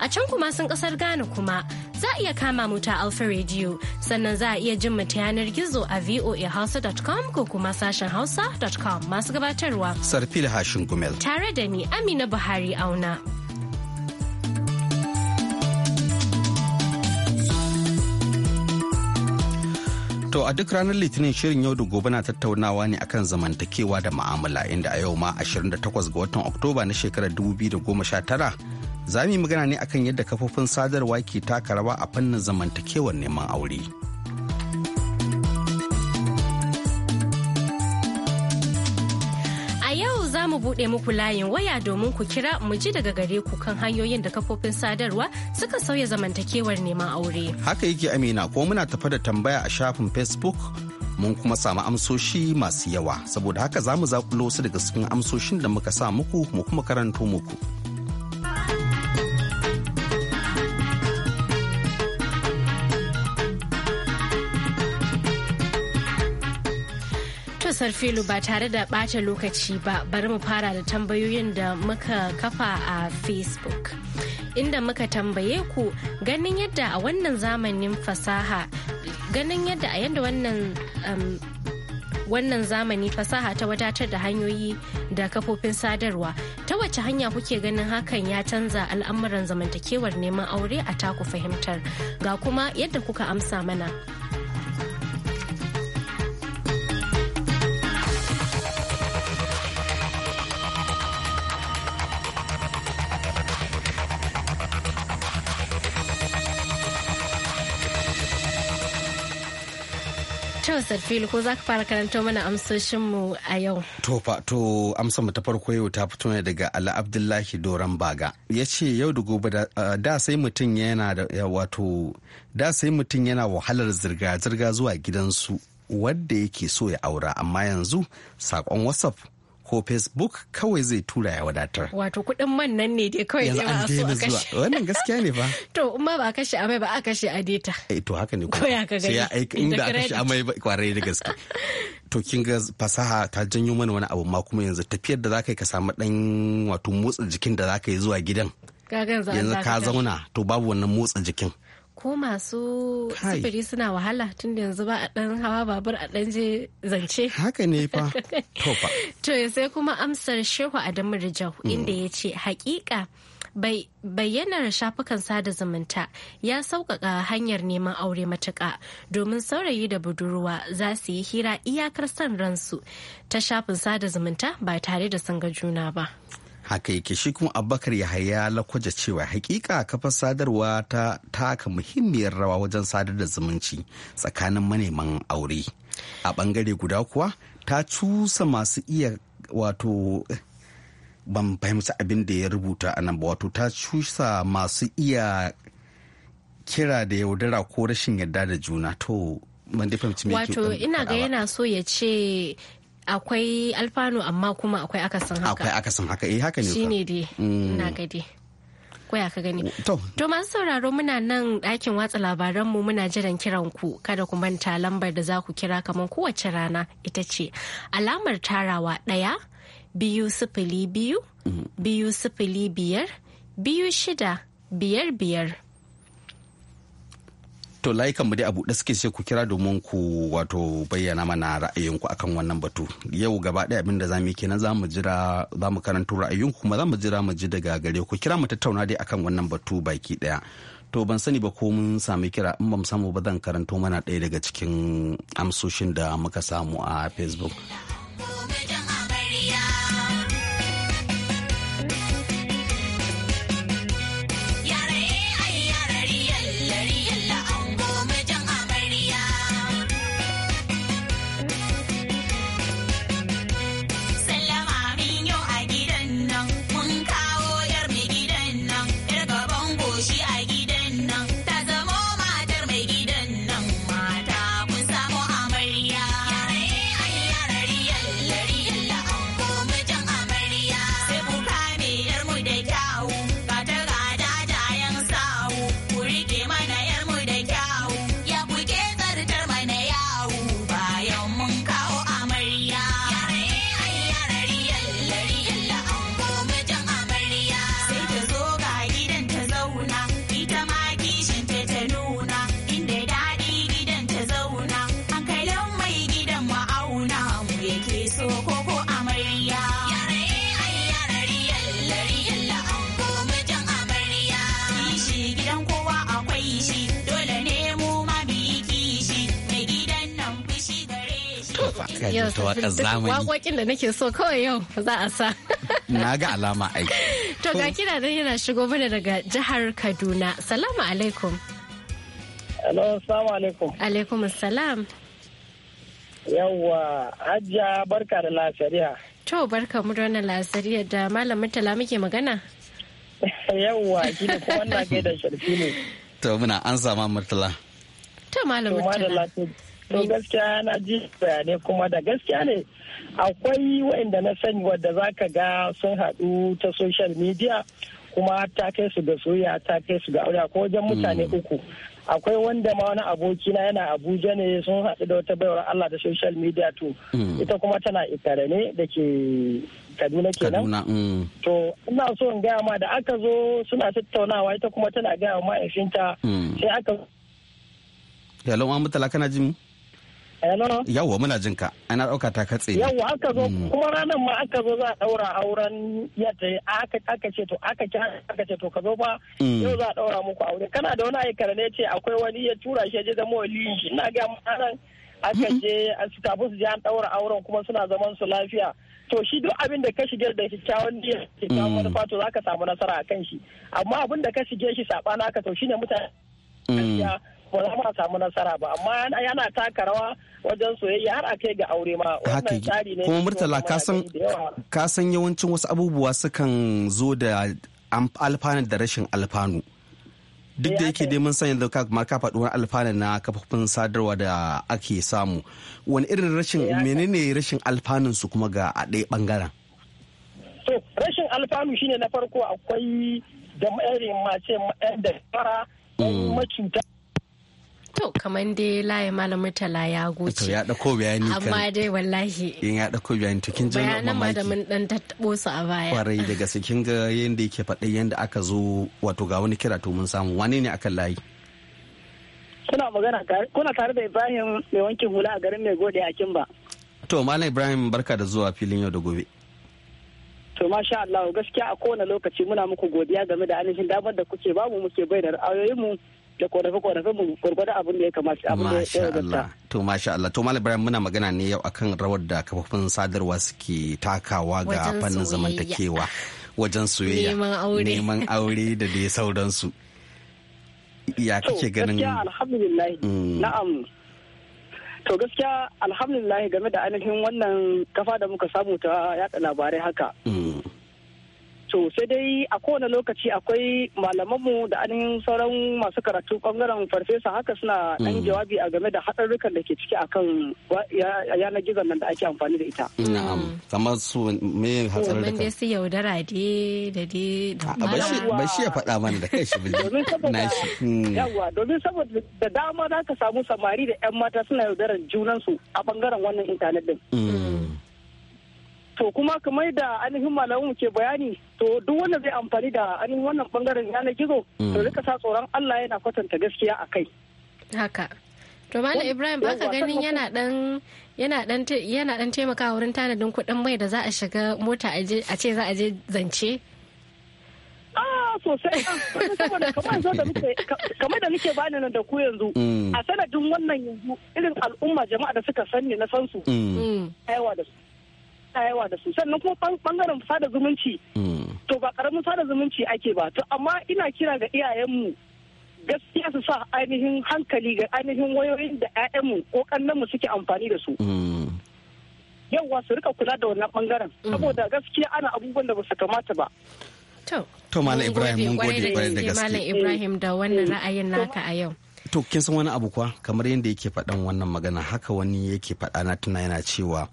A can kuma sun kasar Ghana kuma za a iya kama mu ta Alfa Radio sannan za a iya jin mu ta yanar gizo a voahausa.com ko kuma sashen hausa.com masu gabatarwa. Sarfil Hashin Gumel. Tare da ni Amina Buhari Auna. To a duk ranar Litinin shirin yau da gobe na tattaunawa ne akan zamantakewa da ma'amala inda a yau ma 28 ga watan Oktoba na shekarar 2019 za mu yi magana ne akan yadda kafofin sadarwa ke taka rawa a fannin zamantakewar neman aure. A yau mu buɗe muku layin waya domin ku kira mu ji daga gare ku kan hanyoyin da kafofin sadarwa suka sauya zamantakewar neman aure. Haka yake Amina ko muna tafa da tambaya a shafin Facebook mun kuma samu amsoshi masu yawa saboda haka za mu zakulo su daga cikin amsoshin da muka sa muku mu kuma karanto muku. To Sarfilu ba tare da ɓata lokaci ba bari mu fara da tambayoyin da muka kafa a Facebook. Inda muka tambaye ku ganin yadda a wannan zamanin fasaha ganin yadda a yadda wannan um, wannan zamani fasaha ta wadatar da hanyoyi da kafofin sadarwa ta wace hanya kuke ganin hakan ya canza al'amuran zamantakewar neman aure a taku fahimtar ga kuma yadda kuka amsa mana. To fili ko za ka fara karanta mana amsoshinmu a yau. To fa to amsa mu ta farko yau ta fito ne daga Ali Abdullahi Doran Baga. Ya ce yau da gobe da sai mutum yana da wato da sai mutum yana wahalar zirga zirga zuwa gidansu wadda yake so ya aura amma yanzu sakon WhatsApp ko facebook kawai zai tura ya wadatar wato kuɗin man nan ne dai kawai zai an daina zuwa wannan gaskiya ne ba to in ma ba kashe amai ba a kashe a data eh to haka ne ko ya ka gani sai aika inda aka kashe amai ba kwarai da gaske to kin ga fasaha ta janyo mana wani abu ma kuma yanzu tafiyar da zaka yi ka samu dan wato motsa jikin da zaka yi zuwa gidan yanzu ka zauna to babu wannan motsa jikin ko masu sufuri suna wahala tun da yanzu ba a dan hawa babur a dan je zance haka ne fa to sai kuma amsar shehu adamu rijau mm. inda ya ce hakika bayyanar shafukan sada zumunta ya sauƙaƙa hanyar neman aure matuƙa domin saurayi da budurwa za su yi hira iyakar son ransu ta shafin sada zumunta ba tare da sun ga juna ba. haka yake shi kuma abubakar yahaya lakwaja cewa hakika kafar sadarwa ta taka muhimmiyar rawa wajen sadar da zumunci tsakanin maneman aure a bangare guda kuwa ta cusa masu iya wato ban fahimci abin da ya rubuta a nan ba wato ta cusa masu iya kira da yaudara ko rashin yarda da juna to wato ina ga yana so ya ce akwai alfano amma kuma akwai akasin haka akwai akasin haka eh haka ne shine dai mm. na ga dai koya ka gani to masu sauraro muna nan ɗakin watsa labaran mu muna jiran kiran ku kada ku manta lambar da za ku kira kamar kowace rana ita ce alamar tarawa ɗaya biyu sifili biyu mm-hmm. biyu sifili biyar biyu shida biyar biyar to layukan mu dai abu da suke sai ku kira domin ku wato bayyana mana ra'ayinku akan wannan batu yau gaba ɗaya abin da za mu yi kenan za mu jira za mu karanto ra'ayinku kuma za mu jira mu ji daga gare ku kira mu tattauna dai akan wannan batu baki ɗaya to ban sani ba ko mun sami kira in ba mu samu ba zan karanto mana ɗaya daga cikin amsoshin da muka samu a facebook to waƙar zamani waƙoƙin da nake so kawai yau za a sa na ga alama aiki. to ga kina dan yana shigo mana daga jihar Kaduna salamu alaikum Hello, salamu alaikum. Alaikum salam. Yawwa, Hajja barka da lasariya. To barka mu da wannan lasariya da Malam Murtala muke magana. Yawwa, shi da kuma wannan kai da sharfi ne. To muna an sama Murtala. To Malam Murtala. to gaskiya na ji bayanai kuma da gaskiya ne akwai waɗanda na sani wadda za ka ga sun haɗu ta social media kuma ta kai su ga soyayya ta kai su ga aure ko wajen mutane mm. uku akwai wanda ma wani aboki na yana abuja ne sun haɗu da wata baiwar allah da social media to mm. ita kuma tana ikare ne da ke kaduna kenan mm. to ina so in gaya ma da aka zo suna tattaunawa ita kuma tana gaya ma ma'aifinta sai aka yalon an kana jin mu Hello? Yawwa muna jin ka, ana ɗauka ta katse. Yawwa aka zo, mm. kuma ranar ma aka zo za a ɗaura auren yadda aka ce to aka ce aka ce to ka zo ba mm. yau za a ɗaura muku aure. Kana da wani aikar ne ce akwai wani ya tura shi ya je zama waliyin shi, ina ga ma'anar aka hmm. je a su je an ɗaura auren kuma suna zaman su lafiya. to shi duk abin da ka shige da kyakkyawan niyya kyakkyawan mm. fato za ka samu nasara a kan shi amma abin da ka shige shi sabana ka to shine mutane ba za ma samu nasara ba amma yana taka rawa wajen soyayya har a kai ga aure ma wannan tsari ne kuma murtala ka san yawancin wasu abubuwa sukan zo da alfanar da rashin alfanu duk da eh, yake dai mun san yanzu ka kamar ka faɗi wani alfanu na kafofin sadarwa da ake samu wani irin rashin eh, menene rashin alfanun su kuma ga a ɗaya bangaren to rashin alfanu shine na farko akwai da irin mace da fara mm. macuta To kamar dai layi malam tala ya goce. ya dauko bayani kan. Amma dai wallahi. In eh, ya dauko bayani to kin ji mamaki. da mun dan tattabo su a baya. Kwarai da gaske kin ga yanda yake faɗi yanda aka zo wato ga wani kira to mun samu wani ne akan layi. Kuna magana kuna tare da Ibrahim mai wankin hula a garin mai gode a Kimba. To Malam Ibrahim barka da zuwa filin yau da gobe. to masha Allah gaskiya a kowane lokaci muna muku godiya game da ainihin damar da kuke babu muke bai da ra'ayoyinmu da korafe korafe mu gwargwada abin da ya kamata abin da ya Allah to masha Allah to malam Ibrahim muna magana ne yau akan rawar da kafofin sadarwa suke takawa ga fannin zamantakewa wajen soyayya neman aure da dai sauransu ya kake ganin alhamdulillah mm. na'am to gaskiya alhamdulillah game da ainihin wannan kafa da muka samu ta yada labarai haka mm. to sai dai a kowane lokaci akwai malamanmu da anin sauran masu karatu bangaren farfesa haka suna dan mm. jawabi a game da haɗarurrukan da ke ciki akan yanar gizon nan da ake amfani da ita. Na'am, mm. kamar su me hatsarurrukan? Domin su yaudara de da de da Ba shi ya faɗa mana da kai shi Domin saboda mm. yawa domin saboda da dama za ka samu samari da 'yan mata suna yaudarar junansu a bangaren wannan intanet din. to kuma kamar da ainihin malamu ke bayani to duk wanda zai amfani da ainihin wannan bangaren yanar gizo mm. to rika sa tsoron Allah yana kwatanta gaskiya a kai haka to malam Ibrahim baka ganin yana dan yana dan yana dan taimakawa wurin tanadin kuɗin mai da za a shiga mota a ce za a je zance ah, kamar da nake bani nan da ku yanzu mm. a sanadin wannan yanzu irin al'umma jama'a da suka sani na san su mm. da su bata yawa da su sannan kuma bangaren sada zumunci hmm. to ba karamin sada zumunci ake ba to amma ina kira ga iyayenmu gaskiya su sa ainihin hankali ga ainihin wayoyin da ƴaƴanmu ko kannanmu suke amfani da su hmm. yauwa su rika kula da wannan bangaren hmm. saboda gaskiya ana abubuwan da ba su kamata ba to malam ibrahim mun gode kwarai da gaske malam ibrahim da wannan ra'ayin naka a yau to kin san wani abu kuwa kamar yadda yake faɗan wannan magana haka wani yake faɗa na tuna yana cewa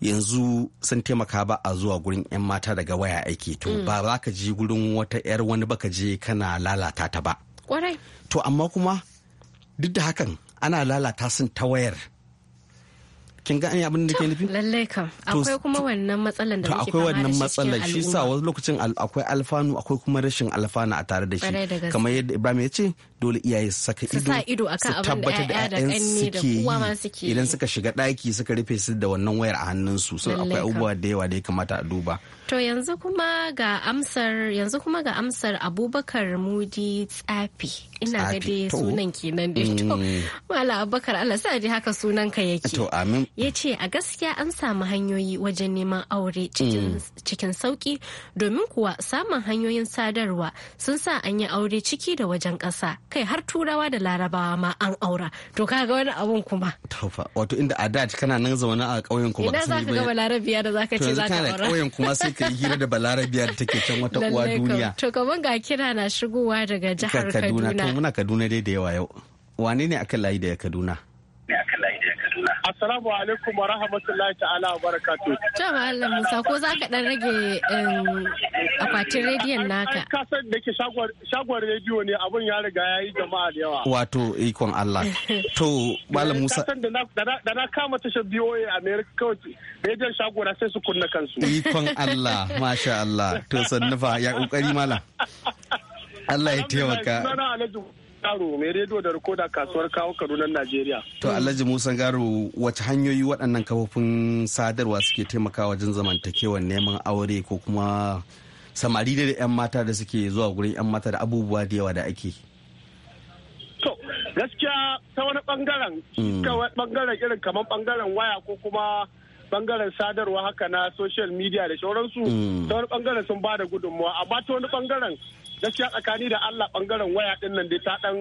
yanzu sun taimaka ba a zuwa gurin 'yan mata daga waya aiki to mm. ba za ka je gurin wata 'yar wani baka je kana lalata ta ba to amma kuma duk da hakan ana lalata sun ta wayar kin gane abin da ke nufi lallai kam akwai kuma wannan matsalan da muke akwai wannan matsalan shi sa wasu lokacin akwai alfanu akwai kuma rashin alfanu a tare da shi kamar yadda Ibrahim ya ce dole iyaye su saka ido su tabbatar da ƴaƴan suke yi idan suka shiga ɗaki suka rufe su da wannan wayar a su sun akwai abubuwa da yawa da ya kamata a duba To yanzu kuma ga amsar yanzu kuma ga amsar Abubakar Mudi Tsafi. Ina ga dai sunan kenan dai to. Mm. Mala Abubakar Allah sa ji haka sunan ka yake. To amin. Yace a gaskiya an samu hanyoyi wajen neman aure cikin mm. sauki domin kuwa samun hanyoyin sadarwa sun sa an yi aure ciki da wajen ƙasa kai har turawa da larabawa ma an aura to kaga wani abun kuma. fa wato inda a da kana nan zaune a ƙauyen kuma. Ina za ka ga Larabiya da za ka ce za ka aura. kana ƙauyen kuma sai ka yi hira da balarabiya da take can wata uwa duniya to kaman ga kira na shigowa daga jihar kaduna to muna kaduna dai da yawa yau wane ne akan layi da ya kaduna Assalamu alaikum wa rahmatullahi ta'ala wa barakatu. Ta Allah Musa ko za ka dan rage akwatin rediyon naka. Ka san da ke shagon rediyo ne abun ya riga ya yi jama'a da yawa. Wato ikon Allah. To Malam eh, Musa. Ka san da na kama tashar BOA America kawai rediyon shagora sai su kunna kansu. Ikon Allah masha Allah. To sannufa ya kokari malam. Allah ya taimaka. Garo mai rediyo da rikoda kasuwar kawo Kaduna Najeriya. To Alhaji Musa Garo wace hanyoyi waɗannan kafofin sadarwa suke taimakawa wajen zamantakewar neman aure ko kuma samari da 'yan mata da suke zuwa gurin 'yan mata da abubuwa da yawa da ake. To gaskiya ta wani bangaren bangaren mm. irin kamar bangaren waya ko kuma bangaren sadarwa haka na social media da sauransu mm. ta wani bangaren sun ba da gudunmuwa amma ta wani bangaren gaskiya tsakani da Allah bangaren waya din nan dai ta dan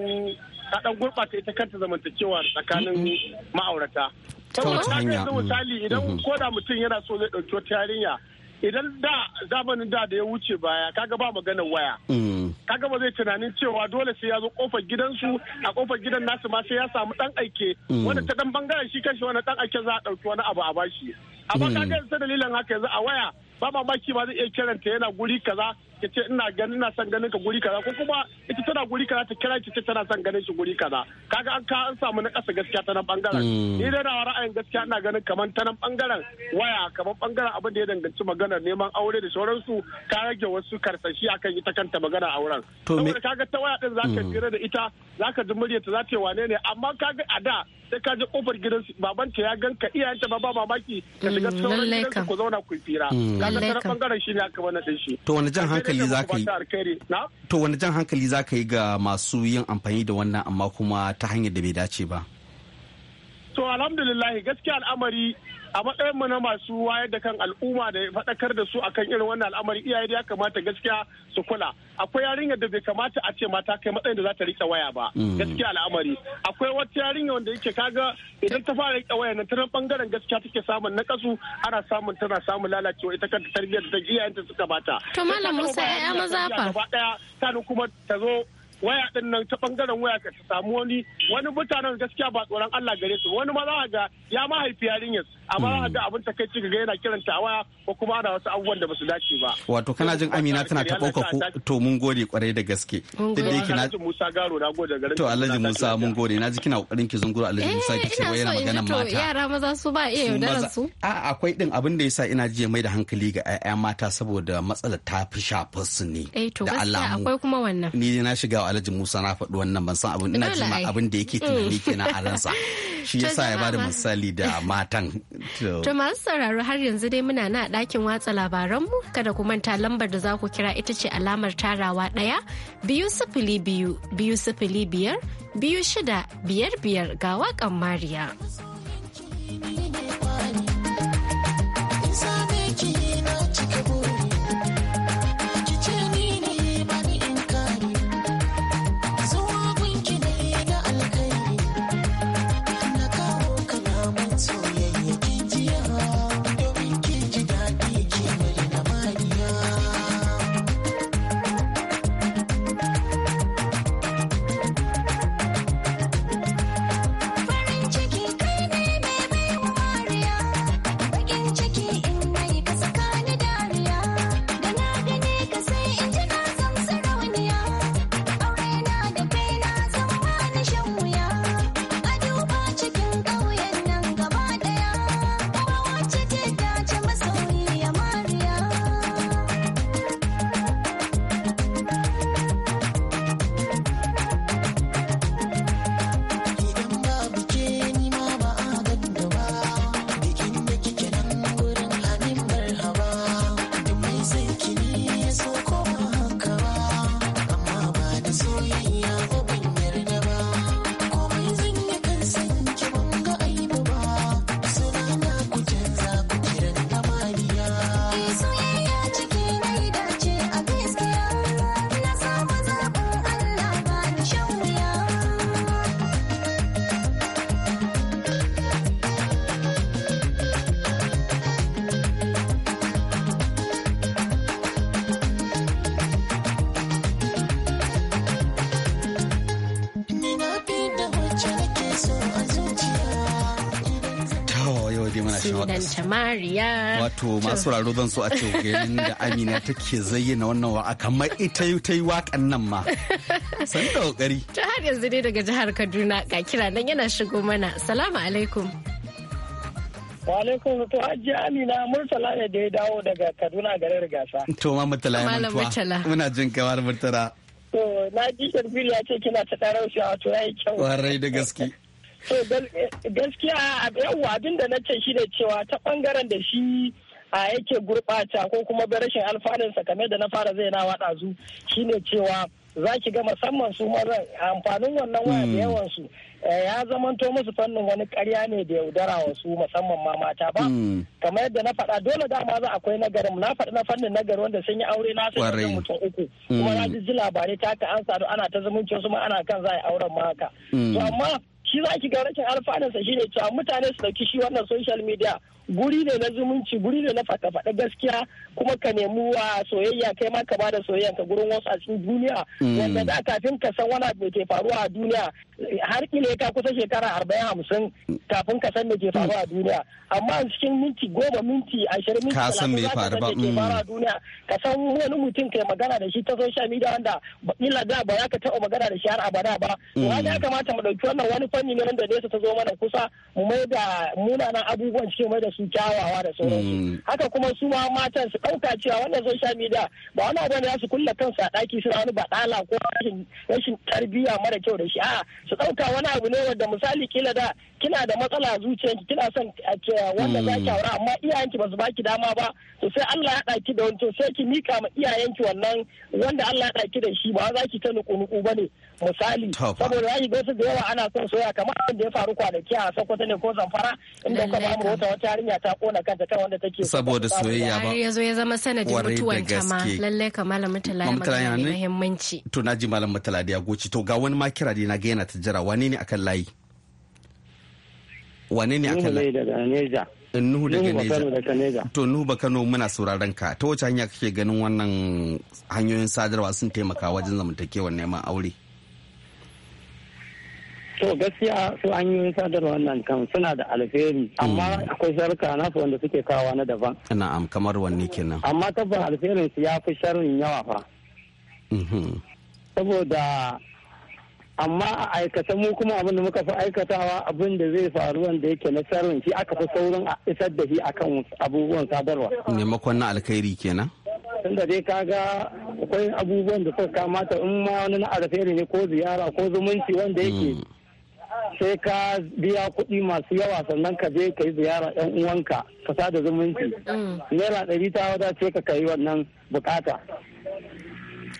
ta gurbata ita kanta zamantakewa tsakanin ma'aurata saboda ta misali mm-hmm. idan mm-hmm. ko da mutum yana so zai dauki wata yarinya idan da zamanin da da ya wuce baya kaga ba maganar waya mm. kaga ba zai tunanin cewa dole sai ya zo kofar gidansu a kofar gidan nasu ma sai ya samu dan aike mm. wanda ta dan bangaren shi kashi wani dan aike za a dauki wani abu a bashi amma kaga mm. yanzu dalilin haka yanzu a waya ba mamaki ba zai iya kiranta yana guri kaza ta ce ina ganin ina son ganin ka guri kaza ko kuma ita tana guri kaza ta kira ki ce tana son ganin shi guri kaza kaga an ka an samu na kasa gaskiya ta nan bangaren mm. ni dai na ra'ayin gaskiya ina ganin kaman ta nan bangaren waya kamar bangaren abin da ya danganci maganar neman aure da sauransu ta rage wasu karsashi akan ita kanta magana auren me kaga ta waya din zaka jira mm. da ita zaka ji muryarta za ta yi wane ne amma kaga a da sai ka je kofar gidan babanta ya ganka iyayenta ba ba mamaki ka shiga mm, sauran gidan ku zauna ku fira kaga ta bangaren shi ne aka wannan din shi to wani jan hankali hankali za ka yi to wani jan hankali za ka yi ga masu yin amfani da wannan amma kuma ta hanyar da bai dace ba to alhamdulillah gaskiya al'amari a matsayin mu na masu wayar da kan al'umma da faɗakar da su akan irin wannan al'amari iyaye ya kamata gaskiya su kula akwai yarinyar da bai kamata a ce mata kai matsayin da za ta rike waya ba mm. gaskiya al'amari akwai wata yarinya wanda yake kaga idan ta fara rike waya nan ta nan bangaren gaskiya take samun nakasu ana samun tana samun lalacewa ita kanta tarbiyyar da iyayenta suka bata to malam Musa ya maza fa gaba daya kuma ta zo waya din nan ta bangaren waya ka samu wani wani mutanen gaskiya ba tsoron Allah gare su wani ma za ga ya ma haifi yarinyar amma za ga abin takaici ga yana kiranta a waya ko kuma ana wasu abubuwan da ba su dace ba wato kana jin Amina tana ta ko to mun gode kwarai da gaske duk da yake na Musa Garo na gode garin to Alhaji Musa mun gode na ji kina kokarin ki zunguru Alhaji Musa ki ce eh, wai yana maganar mata yara maza su ba iya yaudaran su a akwai din abin da yasa ina ji mai da hankali ga 'ya'ya mata saboda matsalar ta fi shafa su ne eh, da Allah akwai kuma wannan ni na shiga Alhaji Musa na faɗi wannan ban san abin ina jima abin da yake tunani kenan a ransa. Mm. Shi yasa ya bada misali da matan. To masu sauraro har yanzu dai muna na ɗakin watsa labaranmu kada ku manta lambar da za ku kira ita ce alamar tarawa ɗaya biyu sifili biyu biyu sifili biyar biyu shida biyar biyar ga waƙan Mariya. mariya wato masu raro zan so a ce ganin da amina take zayyana wannan wa kamar ita ta yi wakan nan ma san da kokari ta har yanzu dai daga jihar kaduna ga kira nan yana shigo mana salamu alaikum Walaikum to Hajji Amina Murtala ne da ya dawo daga Kaduna garin Rigasa. To ma Murtala ya mutuwa. Muna jin kamar Murtala. To na ji Sharbili ya ce kina ta ɗarausa wato ya yi kyau. Warai da gaske. Eh, gaskiya yawwa abin da na ce shi ne cewa ta ɓangaren da shi a yake gurɓata ko kuma rashin alfanunsa kamar da na fara zai zainawa shi shine cewa za ki ga musamman su mazan amfanin wannan waya da hmm. yawansu su eh, ya to musu fannin wani karya ne da yaudara wa su musamman ma mata ba hmm. kamar yadda na faɗa dole dama za akwai nagarin na faɗi na fannin nagari wanda sun yi aure na su yi mutum uku kuma hmm. na ji labarai ta ka an sadu ana ta zumuncin su ma ana kan za a yi auren ma haka to amma shi za ki ga rashin alfanarsa shine cewa mutane su dauki shi wannan social media guri ne na zumunci guri ne na faɗa-faɗa gaskiya kuma ka nemi wa soyayya kai ma ka ba da soyayya ka gurin wasu a cikin duniya mm. wanda da kafin ka san wani abu ke faruwa a duniya har ile ka kusa shekara arba'in hamsin kafin ka san me ke faruwa a mm. duniya amma cikin minti goma minti ashirin minti ka san me ke faruwa a mm. duniya ka san wani mutum kai magana da shi ta social media wanda illa da ba ya ka taɓa magana da shi har abada ba to ya kamata mu ɗauki wannan wani fanni ne wanda nesa ta zo mana kusa mu mai da munanan abubuwan cikin mai da su kyawawa da sauransu hmm. haka kuma su ma matan su ɗauka cewa wannan social media ba wani abu da za su kulle kansu a ɗaki suna wani baɗala ko rashin tarbiyya mara kyau da shi a su ɗauka wani abu ne wanda misali kila da kina da matsala zuciyanki kina son wanda za ki hmm. aura amma iyayenki ba su baki dama ba to sai Allah ya ɗaki da wancan sai ki mika ma iyayenki wannan wanda Allah ya ɗaki da shi ba za ki ta nuku-nuku ba ne misali saboda yaji su da yawa ana son soya kamar wanda ya faru kwanaki a sokoto ne ko zamfara inda kuma bamu wata wata yarinya ta kona kanta kan wanda take saboda soyayya ba ya zo ya zama sanadin mutuwan ta ma lalle ka malam mutala ya muhimmanci to naji malam mutala da ya goci to ga wani ma kira dai na ga yana ta jira wane ne akan layi wane ne akan layi daga Neja Nuhu daga Neja to Nuhu Bakano muna sauraron ka ta wace hanya kake ganin wannan hanyoyin sadarwa sun taimaka wajen zamantakewar neman aure To gaskiya su hanyoyin sadarwar nan kan suna da alheri amma hmm. akwai na su wanda suke kawo na daban. Na'am kamar wanne kenan. Amma tabbas alherin su ya fi sharrin yawa fa. Mhm. Saboda amma a aikata mu kuma abin da muka fi aikatawa abin da zai faru wanda yake na sharrin shi aka fi saurin a isar da shi akan abubuwan sadarwa. Maimakon na alkhairi kenan? tunda dai kaga akwai abubuwan da suka kamata in ma wani na alheri ne ko ziyara ko zumunci wanda yake hmm. sai ka biya kuɗi masu yawa sannan ka je ka yi ziyara yan uwanka ka sa da zumunci mm. naira ɗari ta ce ka kai wannan bukata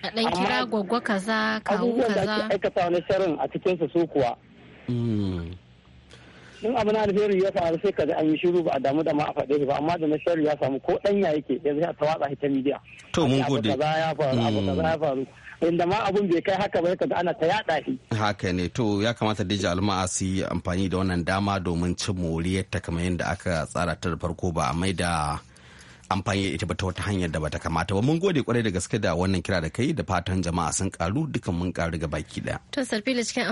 a ɗan kira gwaggwa kaza kawo kaza da ake aikata wani sharin a cikin su su kuwa mm. in abu na alheri ya faru sai ji an yi shiru ba a damu da ma a faɗe ba amma da na shari ya samu ko ɗanya yake yanzu ya tawatsa ta midiya to mun gode abu kaza ya faru abu kaza ya mm. faru inda ma abun bai kai haka ba kaga ana ta yada shi haka ne to ya kamata dija alma'a su yi amfani da wannan dama domin cin moriyar ta kamar yadda aka tsara ta da farko ba a maida amfani da ita ba ta wata hanyar da bata kamata ba mun gode kwarai da gaske da wannan kira da kai da fatan jama'a sun karu dukan mun karu ga baki daya to sarfila cikin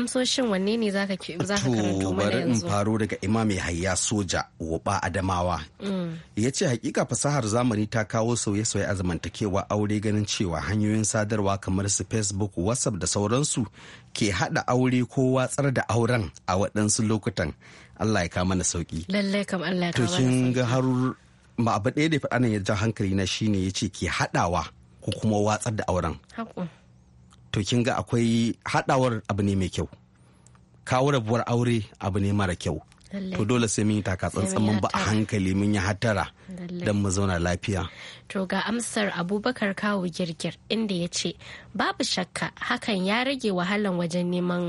amsoshin wanne ne zaka zaka karanto mana yanzu to faro daga Imami hayya soja woba adamawa mm. yace hakika fasahar zamani ta kawo sauye-sauye a zamantakewa aure ganin cewa hanyoyin sadarwa kamar su facebook whatsapp da sauransu ke hada aure ko watsar da auren a waɗansu lokutan Allah ya kama na sauki. Lallai kam Allah ya kama na sauki. ga ma abu ɗaya da faɗa nan ya jan hankali na shine ya ce ke haɗawa ko kuma watsar da auren to kin ga akwai haɗawar abu ne mai kyau kawo rabuwar aure abu ne mara kyau to dole sai mun yi taka tsantsan mun ba a hankali mun yi hatara don mu zauna lafiya to ga amsar abubakar kawo girgir inda ya ce babu shakka hakan ya rage wahalan wajen neman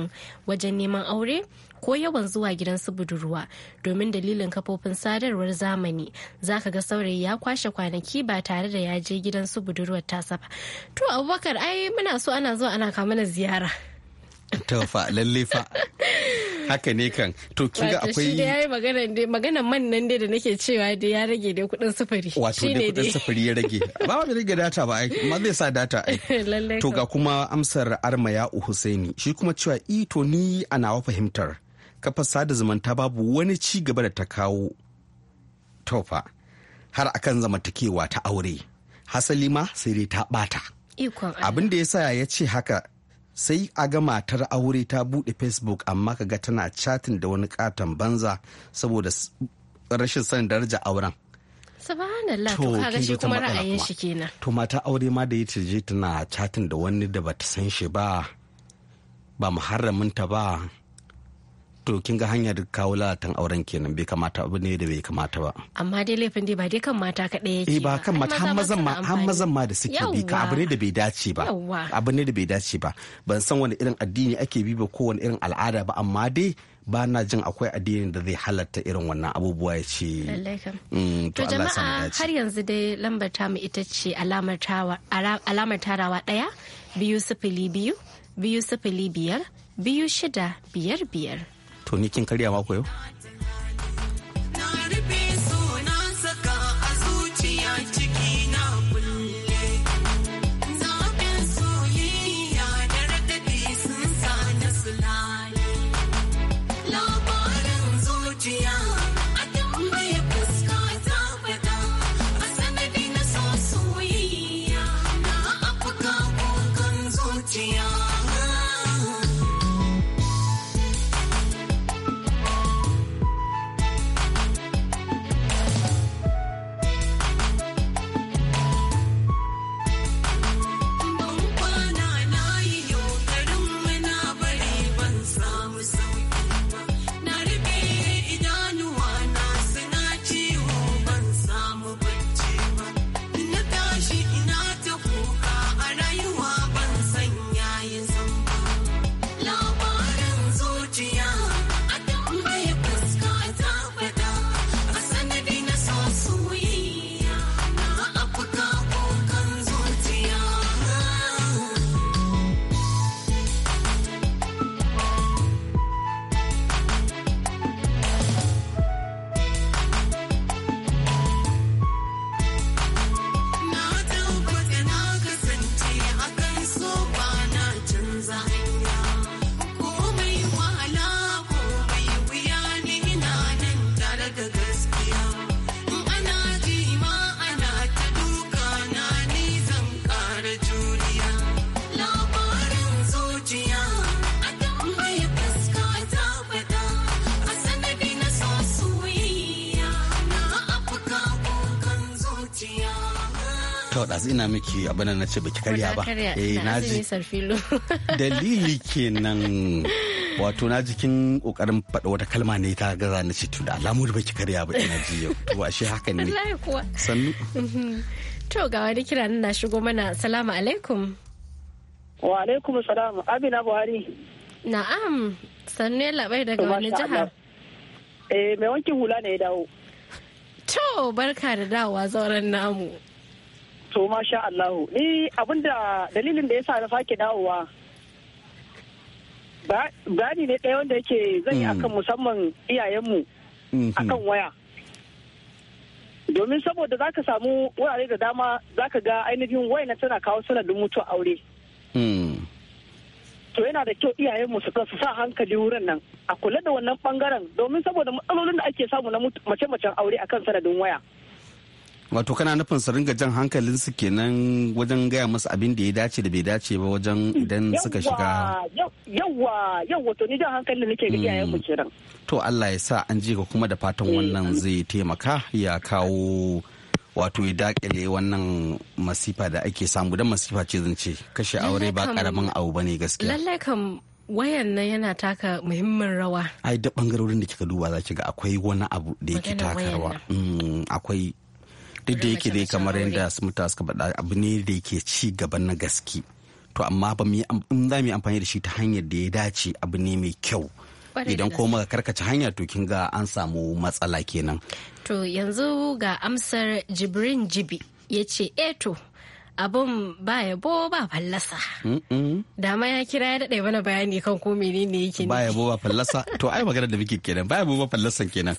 wajen neman aure ko yawan zuwa gidan su budurwa domin dalilin kafofin sadarwar zamani zaka ga saurayi ya kwashe kwanaki ba tare da ya je gidan su budurwar tasa ba to abubakar ai muna so ana zuwa ana kama ziyara to fa haka ne kan to kin ga akwai shi yayi magana magana man nan dai da nake cewa dai ya rage dai kudin sufuri wato dai kudin sufuri ya rage ba ba rage data ba ai amma zai sa data ai to ga kuma amsar armaya Husaini shi kuma cewa i e, to ni a nawa fahimtar kafar sada zumunta babu wani ci gaba da ta kawo tofa har akan zamantakewa ta aure hasali ma sai dai ta bata abin da ya sa ya ce haka sai a ga matar aure ta bude facebook amma kaga tana chatin da wani katon banza saboda rashin sanin daraja auren to kaga shi kuma ra'ayin shi to mata aure ma da ya je tana chatin da wani da bata san shi ba ba muharramin ta ba to kin ga hanya da kawo lalatan auren kenan bai kamata abu ne da bai kamata ba amma dai laifin dai ba dai kan mata kaɗai yake eh, ba kan mata har mazan ma har mazan ma da suke bi ka abu ne da bai dace ba abu ne da bai dace ba ban san wani irin addini ake bi ba ko wani irin al'ada ba amma dai ba na jin akwai addinin da zai halatta irin wannan abubuwa ya ce mm, to jama'a har yanzu dai lambar tamu ita ce alamar tarawa ɗaya biyu sifili biyu biyu sifili biyar biyu shida biyar biyar 托你尽全力挽回哟。kawai ɗazu ina miki abin na ce baki karya ba eh na ji dalili kenan wato na jikin kokarin faɗa wata kalma ne ta gaza na ce da alamu da baki karya ba ina ji yau to ashe haka ne sannu mhm. to ga wani kira na shigo mana salamu alaikum wa alaikum salam amina buhari na'am sannu ya labai daga wani jiha eh mai wankin hula ne ya dawo to barka da dawowa zauren namu To masha Allahu ni abinda dalilin da ya sa na sake dawowa bayani ne ɗaya wanda yake zai mm. akan musamman iyayenmu mhm. akan waya. Domin saboda za ka samu wurare da dama za ka ga ainihin wayana tana kawo sanadin mutu aure. Mm. To yana da kyau iyayenmu su su sa hankali wurin nan a kula da wannan bangaren domin saboda matsalolin da ake samu na mace-macen aure akan sanadin waya. wato kana nufin su ringa jan hankalin su kenan wajen gaya musu abin da ya dace da bai dace ba wajen idan suka shiga yawa yawa to ni jan hankali nake ga hmm. iyayen mu kiran to Allah ya sa an ji ka kuma da fatan wannan hmm. zai taimaka ya kawo wato ya dakile wannan masifa da ake samu dan masifa ce zan ce kashe aure ba karamin abu bane gaskiya lallai kam wayan nan yana taka muhimmin rawa ai da bangarorin da kika duba za ga akwai wani abu da yake taka rawa hmm, akwai duk da yake dai kamar yadda muta suka faɗa abu ne da yake ci gaban na gaske to amma ba mu in za mu yi amfani da shi ta hanyar da ya dace abu ne mai kyau idan ko muka karkace hanya to kin ga an samu matsala kenan to yanzu ga amsar jibrin jibi ya ce eto eh to abin ba yabo ba fallasa. Dama ya kira ya daɗe mana bayani kan ko menene yake ne. Ba yabo ba fallasa to ai magana da muke kenan ba yabo ba fallasa kenan.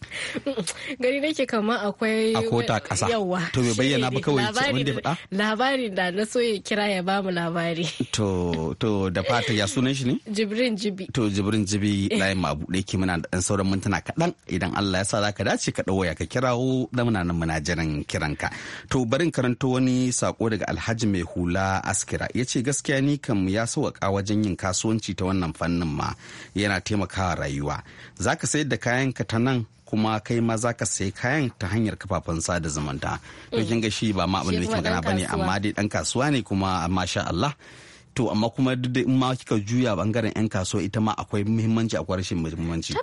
Gari nake kama akwai akota ƙasa. Yawwa. To bai bayyana ba kawai wanda faɗa. Labari da na so ya kira ya ba mu labari. To to da fata ya sunan shi ne? Jibrin Jibi. To Jibrin Jibi layin ma buɗe ki muna da sauran mintuna kaɗan idan Allah ya sa za ka dace ka ɗau waya ka kirawo da muna nan muna jiran kiranka. To barin karanto wani sako daga alhaji alhaji mai hula askira ya ce gaskiya ni kam ya sauƙaƙa wajen yin kasuwanci ta wannan fannin ma yana taimakawa rayuwa za ka sayar da kayan ka ta nan kuma kai ma za ka sayi kayan ta hanyar kafafen sada zumunta to eh, kin ga shi ba ma abin da yake magana bane amma dai dan kasuwa ne kuma masha Allah to amma kuma duk da in ma kika juya bangaren yan kasuwa ita ma akwai muhimmanci akwai rashin muhimmanci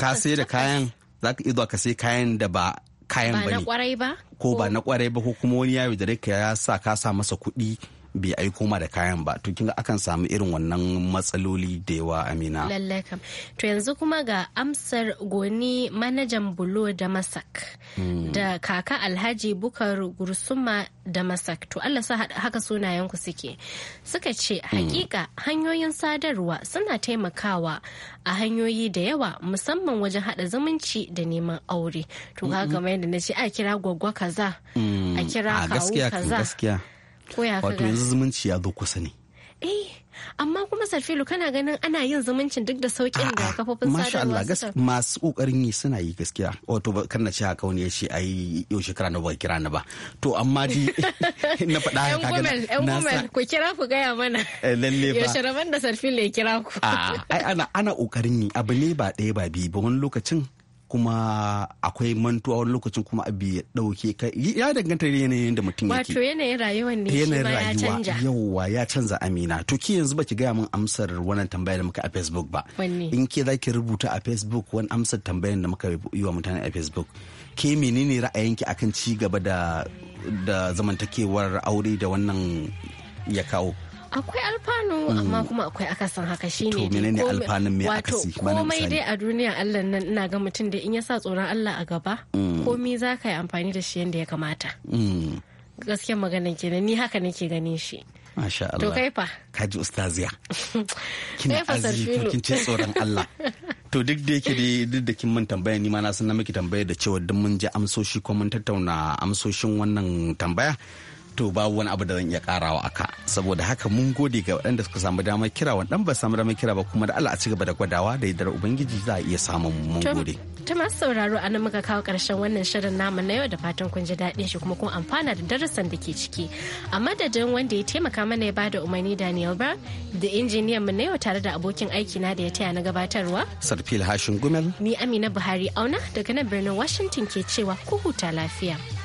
ka sayar da kayan za ka iya ka sai kayan da ba kayan bane ko ba na kwarai ba ko kuma wani ya yaudare ka ya sa ka sa masa kuɗi bai aiko koma da kayan ba to kinga akan samu irin wannan matsaloli da yawa amina lallai kam to yanzu kuma ga amsar goni manajan bulo da masak hmm. da kaka alhaji bukar gursuma da masak to allah sa haka ku suke suka ce hmm. hakika hanyoyin sadarwa suna taimakawa a hanyoyi da yawa musamman wajen hada zumunci da neman aure to hmm, kaga kamar yadda na ce a kira gwaggwa kaza a kira kawo kaza wato yanzu zumunci ya zo kusa ne eh amma kuma sarfilu kana ganin ana yin zumuncin duk da sauƙin. da kafofin sadarwa Allah masu ƙoƙarin yi suna yi gaskiya wato kan na ce haka wani ya ce ai yau shekara na ba kira na ba to amma di na faɗa haka ga yan gumel ku kira ku gaya mana eh, lalle ba yaushe raban da sarfilu ya kira ku ai ana ana yi abu ne ba ɗaya ba biyu ba wani lokacin kuma akwai mantuwa wani lokacin kuma abu ya dauke ya danganta yanayin da mutum yake wato yanayin rayuwar ne rayuwa yauwa ya canza amina to ki yanzu baki gaya min amsar wannan tambayar da muka a facebook ba in ke zaki rubuta a facebook wani amsar tambayar da muka yi wa mutane a facebook ke menene ra'ayinki akan ci gaba da da zamantakewar aure da wannan ya kawo akwai alfanu mm. amma kuma akwai akasin haka ne. ne ne alfanun me akasi komai dai a duniya Allah nan ina ga mutum da in ya sa tsoron Allah a gaba mm. komi za ka yi amfani da shi yadda ya kamata mm. gaskiyar ke kenan ni haka nake ganin shi Masha Allah. To kai fa. ji ustaziya. Kina azumi kin ce tsoron Allah. To duk da yake dai duk da kin mun tambaya ni ma na san na miki tambaya da cewa duk mun ji amsoshi ko mun tattauna amsoshin wannan tambaya. to babu wani abu da zan iya karawa aka saboda haka mun gode ga waɗanda suka samu damar kira waɗanda ba samu damar kira ba kuma da Allah a ci gaba da gwadawa da yadda ubangiji za a iya samun mun gode ta masu sauraro a nan muka kawo karshen wannan shirin namu na yau da fatan kun ji daɗin shi kuma kun amfana da darasan da ke ciki a madadin wanda ya taimaka mana ya bada umarni Daniel ba da injiniyan mu na yau tare da abokin aiki na da ya taya na gabatarwa Sarfil Hashin Gumel ni Amina Buhari Auna daga nan birnin Washington ke cewa ku huta lafiya